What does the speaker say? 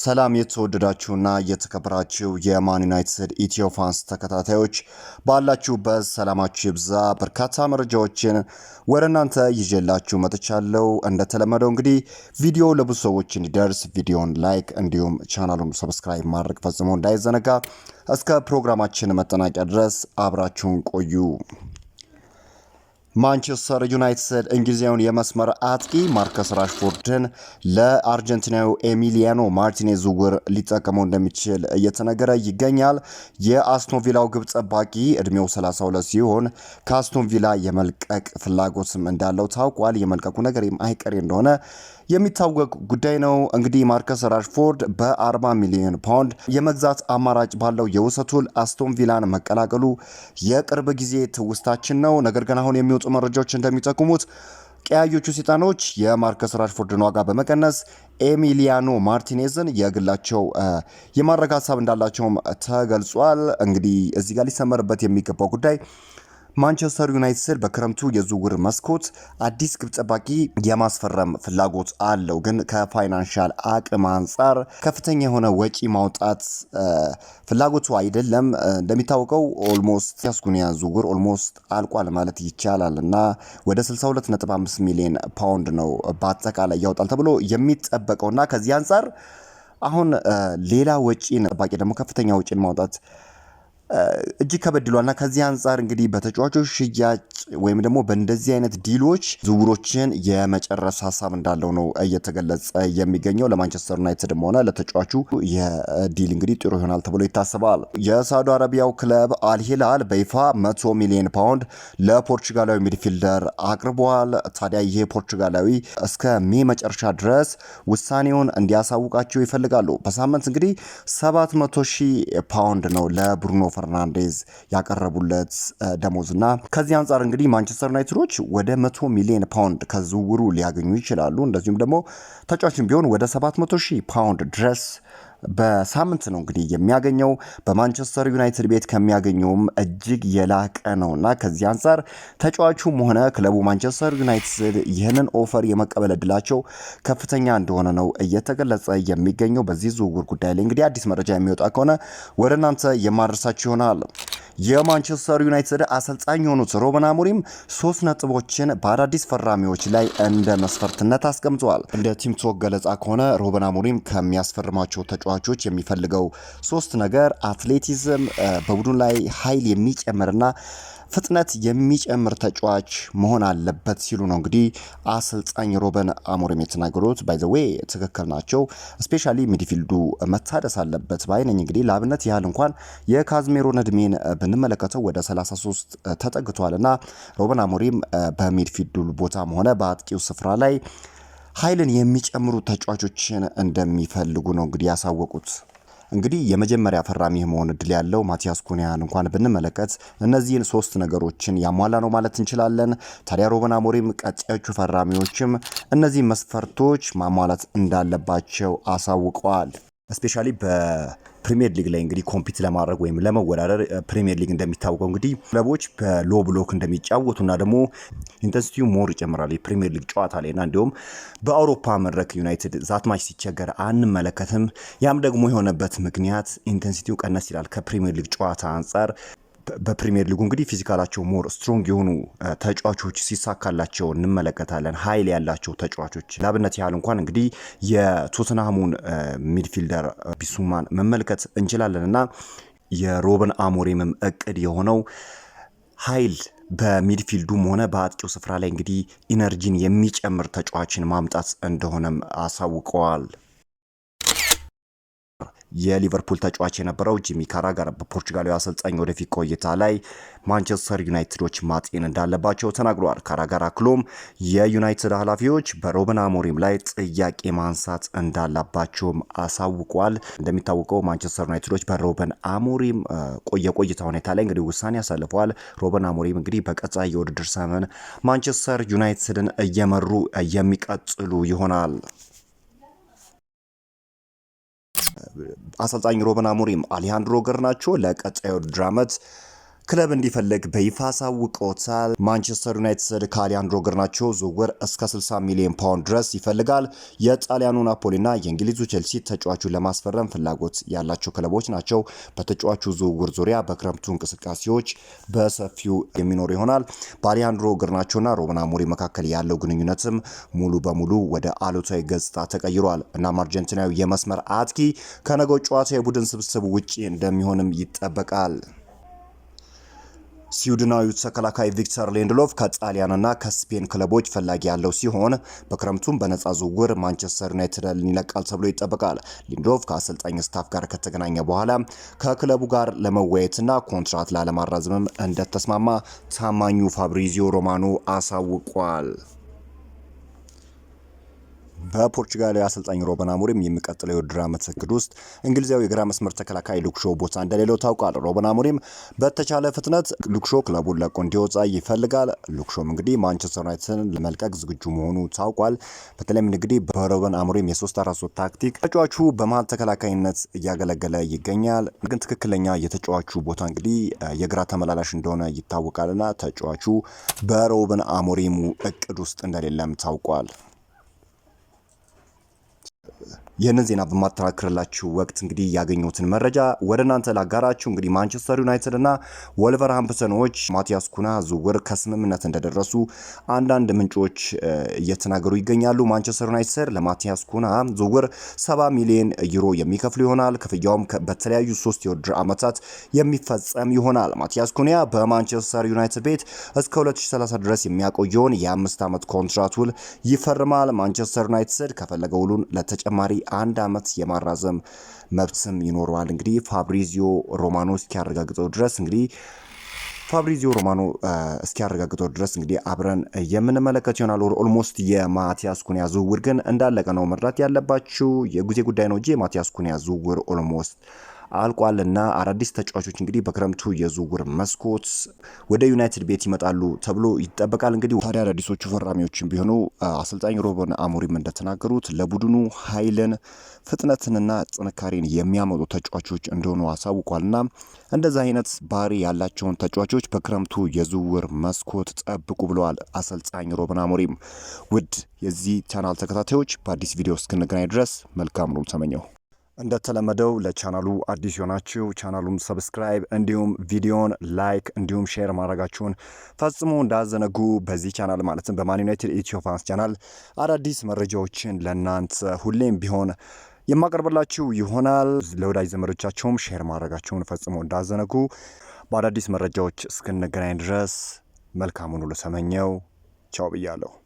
ሰላም የተወደዳችሁና የተከበራችሁ የማን ዩናይትድ ኢትዮ ፋንስ ተከታታዮች ባላችሁበት ሰላማችሁ ይብዛ። በርካታ መረጃዎችን ወደ እናንተ ይዤላችሁ መጥቻለሁ። እንደተለመደው እንግዲህ ቪዲዮ ለብዙ ሰዎች እንዲደርስ ቪዲዮን ላይክ፣ እንዲሁም ቻናሉን ሰብስክራይብ ማድረግ ፈጽሞ እንዳይዘነጋ። እስከ ፕሮግራማችን መጠናቂያ ድረስ አብራችሁን ቆዩ። ማንቸስተር ዩናይትድ እንግሊዛዊውን የመስመር አጥቂ ማርከስ ራሽፎርድን ለአርጀንቲናዊ ኤሚሊያኖ ማርቲኔዝ ዝውውር ሊጠቀመው እንደሚችል እየተነገረ ይገኛል። የአስቶንቪላው ቪላው ግብ ጠባቂ እድሜው 32 ሲሆን ከአስቶንቪላ የመልቀቅ ፍላጎትም እንዳለው ታውቋል። የመልቀቁ ነገር አይቀሬ እንደሆነ የሚታወቅ ጉዳይ ነው። እንግዲህ ማርከስ ራሽፎርድ በ40 ሚሊዮን ፓውንድ የመግዛት አማራጭ ባለው የውሰት ውል አስቶን ቪላን መቀላቀሉ የቅርብ ጊዜ ትውስታችን ነው። ነገር ግን አሁን የሚወጡ መረጃዎች እንደሚጠቁሙት ቀያዮቹ ሰይጣኖች የማርከስ ራሽፎርድን ዋጋ በመቀነስ ኤሚሊያኖ ማርቲኔዝን የግላቸው የማድረግ ሀሳብ እንዳላቸውም ተገልጿል። እንግዲህ እዚህ ጋር ሊሰመርበት የሚገባው ጉዳይ ማንቸስተር ዩናይትድ በክረምቱ የዝውውር መስኮት አዲስ ግብ ጠባቂ የማስፈረም ፍላጎት አለው፣ ግን ከፋይናንሻል አቅም አንጻር ከፍተኛ የሆነ ወጪ ማውጣት ፍላጎቱ አይደለም። እንደሚታወቀው ኦልሞስት ያስጉኒያ ዝውውር ኦልሞስት አልቋል ማለት ይቻላል እና ወደ 625 ሚሊዮን ፓውንድ ነው በአጠቃላይ ያወጣል ተብሎ የሚጠበቀው እና ከዚህ አንጻር አሁን ሌላ ወጪን ጠባቂ ደግሞ ከፍተኛ ወጪን ማውጣት እጅግ ከበድሏልና ከዚህ አንጻር እንግዲህ በተጫዋቾች ሽያጭ ወይም ደግሞ በእንደዚህ አይነት ዲሎች ዝውውሮችን የመጨረስ ሀሳብ እንዳለው ነው እየተገለጸ የሚገኘው። ለማንቸስተር ዩናይትድም ሆነ ለተጫዋቹ የዲል እንግዲህ ጥሩ ይሆናል ተብሎ ይታሰባል። የሳውዲ አረቢያው ክለብ አልሂላል በይፋ መቶ ሚሊዮን ፓውንድ ለፖርቹጋላዊ ሚድፊልደር አቅርቧል። ታዲያ ይህ ፖርቹጋላዊ እስከ ሜ መጨረሻ ድረስ ውሳኔውን እንዲያሳውቃቸው ይፈልጋሉ። በሳምንት እንግዲህ 700 ሺህ ፓውንድ ነው ለብሩኖ ፈርናንዴዝ ያቀረቡለት ደሞዝ እና ከዚህ አንጻር እንግዲህ እንግዲህ ማንቸስተር ዩናይትዶች ወደ 100 ሚሊዮን ፓውንድ ከዝውውሩ ሊያገኙ ይችላሉ። እንደዚሁም ደግሞ ተጫዋችን ቢሆን ወደ 700 ሺህ ፓውንድ ድረስ በሳምንት ነው እንግዲህ የሚያገኘው። በማንቸስተር ዩናይትድ ቤት ከሚያገኘውም እጅግ የላቀ እና ከዚህ አንጻር ተጫዋቹም ሆነ ክለቡ ማንቸስተር ዩናይትድ ይህንን ኦፈር የመቀበል እድላቸው ከፍተኛ እንደሆነ ነው እየተገለጸ የሚገኘው። በዚህ ዝውውር ጉዳይ ላይ እንግዲህ አዲስ መረጃ የሚወጣ ከሆነ ወደ እናንተ የማድረሳችሁ ይሆናል። የማንቸስተር ዩናይትድ አሰልጣኝ የሆኑት ሮበን አሞሪም ሶስት ነጥቦችን በአዳዲስ ፈራሚዎች ላይ እንደ መስፈርትነት አስቀምጠዋል። እንደ ቲም ቶክ ገለጻ ከሆነ ሮበን አሞሪም ከሚያስፈርማቸው ተጫዋቾች የሚፈልገው ሶስት ነገር አትሌቲዝም፣ በቡድን ላይ ኃይል የሚጨምርና ፍጥነት የሚጨምር ተጫዋች መሆን አለበት ሲሉ ነው እንግዲህ አሰልጣኝ ሮበን አሞሪም የተናገሩት። ባይዘዌ ትክክል ናቸው። ስፔሻሊ ሚድፊልዱ መታደስ አለበት ባይነኝ። እንግዲህ ለአብነት ያህል እንኳን የካዝሜሮን እድሜን ብን የምንመለከተው ወደ 33 ተጠግቷል እና ሮበን አሞሪም በሚድፊልዱ ቦታም ሆነ በአጥቂው ስፍራ ላይ ኃይልን የሚጨምሩ ተጫዋቾችን እንደሚፈልጉ ነው እንግዲህ ያሳወቁት። እንግዲህ የመጀመሪያ ፈራሚ መሆን እድል ያለው ማቲያስ ኩኒያን እንኳን ብንመለከት እነዚህን ሶስት ነገሮችን ያሟላ ነው ማለት እንችላለን። ታዲያ ሮበን አሞሪም ቀጣዮቹ ፈራሚዎችም እነዚህ መስፈርቶች ማሟላት እንዳለባቸው አሳውቀዋል። እስፔሻሊ በ ፕሪሚየር ሊግ ላይ እንግዲህ ኮምፒት ለማድረግ ወይም ለመወዳደር ፕሪሚየር ሊግ እንደሚታወቀው እንግዲህ ክለቦች በሎ ብሎክ እንደሚጫወቱና ደግሞ ኢንተንሲቲው ሞር ይጨምራል የፕሪሚየር ሊግ ጨዋታ ላይ እንዲሁም በአውሮፓ መድረክ ዩናይትድ ዛት ማች ሲቸገር አንመለከትም። ያም ደግሞ የሆነበት ምክንያት ኢንተንሲቲው ቀነስ ይላል ከፕሪሚየር ሊግ ጨዋታ አንጻር በፕሪሚየር ሊጉ እንግዲህ ፊዚካላቸው ሞር ስትሮንግ የሆኑ ተጫዋቾች ሲሳካላቸው እንመለከታለን። ኃይል ያላቸው ተጫዋቾች ላብነት ያህል እንኳን እንግዲህ የቶተንሃሙን ሚድፊልደር ቢሱማን መመልከት እንችላለን እና የሮበን አሞሪምም እቅድ የሆነው ኃይል በሚድፊልዱም ሆነ በአጥቂው ስፍራ ላይ እንግዲህ ኢነርጂን የሚጨምር ተጫዋችን ማምጣት እንደሆነም አሳውቀዋል። የሊቨርፑል ተጫዋች የነበረው ጂሚ ካራጋር በፖርቹጋላዊ አሰልጣኝ ወደፊት ቆይታ ላይ ማንቸስተር ዩናይትዶች ማጤን እንዳለባቸው ተናግረዋል። ካራጋር አክሎም የዩናይትድ ኃላፊዎች በሮበን አሞሪም ላይ ጥያቄ ማንሳት እንዳለባቸውም አሳውቋል። እንደሚታወቀው ማንቸስተር ዩናይትዶች በሮበን አሞሪም የቆይታ ሁኔታ ላይ እንግዲህ ውሳኔ ያሳልፈዋል። ሮበን አሞሪም እንግዲህ በቀጣይ የውድድር ሰመን ማንቸስተር ዩናይትድን እየመሩ የሚቀጥሉ ይሆናል። አሰልጣኝ ሮበን አሞሪም አሊሃንድሮ ገርናቾ ለቀጣዩ ውድድር ዓመት ክለብ እንዲፈልግ በይፋ አሳውቆታል። ማንቸስተር ዩናይትድ ከአሊያንድሮ ገርናቾ ዝውውር እስከ 60 ሚሊዮን ፓውንድ ድረስ ይፈልጋል። የጣሊያኑ ናፖሊና የእንግሊዙ ቼልሲ ተጫዋቹን ለማስፈረም ፍላጎት ያላቸው ክለቦች ናቸው። በተጫዋቹ ዝውውር ዙሪያ በክረምቱ እንቅስቃሴዎች በሰፊው የሚኖር ይሆናል። በአሊያንድሮ ገርናቾና ሮበን አሞሪም መካከል ያለው ግንኙነትም ሙሉ በሙሉ ወደ አሉታዊ ገጽታ ተቀይሯል። እናም አርጀንቲናዊ የመስመር አጥቂ ከነገው ጨዋታ የቡድን ስብስብ ውጪ እንደሚሆንም ይጠበቃል። ስዊድናዊው ተከላካይ ቪክተር ሌንድሎፍ ከጣሊያንና ከስፔን ክለቦች ፈላጊ ያለው ሲሆን በክረምቱም በነፃ ዝውውር ማንቸስተር ዩናይትድን ይለቃል ተብሎ ይጠበቃል። ሊንድሎፍ ከአሰልጣኝ ስታፍ ጋር ከተገናኘ በኋላ ከክለቡ ጋር ለመወያየትና ኮንትራት ላለማራዘምም እንደተስማማ ታማኙ ፋብሪዚዮ ሮማኖ አሳውቋል። በፖርቹጋላዊ አሰልጣኝ ሮበን አሞሪም የሚቀጥለው የውድድር ዓመት እቅድ ውስጥ እንግሊዛዊ የግራ መስመር ተከላካይ ሉክሾ ቦታ እንደሌለው ታውቋል። ሮበን አሞሪም በተቻለ ፍጥነት ሉክሾ ክለቡን ለቆ እንዲወጣ ይፈልጋል። ሉክሾም እንግዲህ ማንቸስተር ዩናይትድን ለመልቀቅ ዝግጁ መሆኑ ታውቋል። በተለይም እንግዲህ በሮበን አሞሪም የ343 ታክቲክ ተጫዋቹ በመሀል ተከላካይነት እያገለገለ ይገኛል። ግን ትክክለኛ የተጫዋቹ ቦታ እንግዲህ የግራ ተመላላሽ እንደሆነ ይታወቃልና ተጫዋቹ በሮበን አሞሪሙ እቅድ ውስጥ እንደሌለም ታውቋል። ይህንን ዜና በማጠናክርላችሁ ወቅት እንግዲህ ያገኙትን መረጃ ወደ እናንተ ላጋራችሁ። እንግዲህ ማንቸስተር ዩናይትድ እና ወልቨርሃምፕሰኖች ማቲያስ ኩና ዝውውር ከስምምነት እንደደረሱ አንዳንድ ምንጮች እየተናገሩ ይገኛሉ። ማንቸስተር ዩናይትድ ለማቲያስ ኩና ዝውውር 70 ሚሊዮን ዩሮ የሚከፍሉ ይሆናል። ክፍያውም በተለያዩ ሶስት የውድድር ዓመታት የሚፈጸም ይሆናል። ማቲያስ ኩኒያ በማንቸስተር ዩናይትድ ቤት እስከ 2030 ድረስ የሚያቆየውን የአምስት ዓመት ኮንትራት ውል ይፈርማል። ማንቸስተር ዩናይትድ ከፈለገ ውሉን ለተጨማሪ አንድ ዓመት የማራዘም መብትም ይኖረዋል። እንግዲህ ፋብሪዚዮ ሮማኖ እስኪያረጋግጠው ድረስ እንግዲህ ፋብሪዚዮ ሮማኖ እስኪያረጋግጠው ድረስ እንግዲህ አብረን የምንመለከት ይሆናል። ኦልሞስት የማቲያስ ኩንያ ዝውውር ግን እንዳለቀ ነው። መርዳት ያለባችሁ የጊዜ ጉዳይ ነው እንጂ የማቲያስ ኩንያ ዝውውር ኦልሞስት አልቋልና አዳዲስ ተጫዋቾች እንግዲህ በክረምቱ የዝውውር መስኮት ወደ ዩናይትድ ቤት ይመጣሉ ተብሎ ይጠበቃል። እንግዲህ ታዲያ አዳዲሶቹ ፈራሚዎችን ቢሆኑ አሰልጣኝ ሮበን አሞሪም እንደተናገሩት ለቡድኑ ኃይልን ፍጥነትንና ጥንካሬን የሚያመጡ ተጫዋቾች እንደሆኑ አሳውቋልና እንደዚህ አይነት ባህሪ ያላቸውን ተጫዋቾች በክረምቱ የዝውውር መስኮት ጠብቁ ብለዋል አሰልጣኝ ሮበን አሞሪም። ውድ የዚህ ቻናል ተከታታዮች በአዲስ ቪዲዮ እስክንገናኝ ድረስ መልካም ኑሮ ተመኘው። እንደተለመደው ለቻናሉ አዲስ የሆናችሁ ቻናሉን ሰብስክራይብ እንዲሁም ቪዲዮን ላይክ እንዲሁም ሼር ማድረጋችሁን ፈጽሞ እንዳዘነጉ። በዚህ ቻናል ማለትም በማን ዩናይትድ ኢትዮ ፋንስ ቻናል አዳዲስ መረጃዎችን ለእናንተ ሁሌም ቢሆን የማቀርብላችሁ ይሆናል። ለወዳጅ ዘመዶቻቸውም ሼር ማድረጋችሁን ፈጽሞ እንዳዘነጉ። በአዳዲስ መረጃዎች እስክንገናኝ ድረስ መልካሙን ሁሉ ሰመኘው። ቻው ብያለሁ።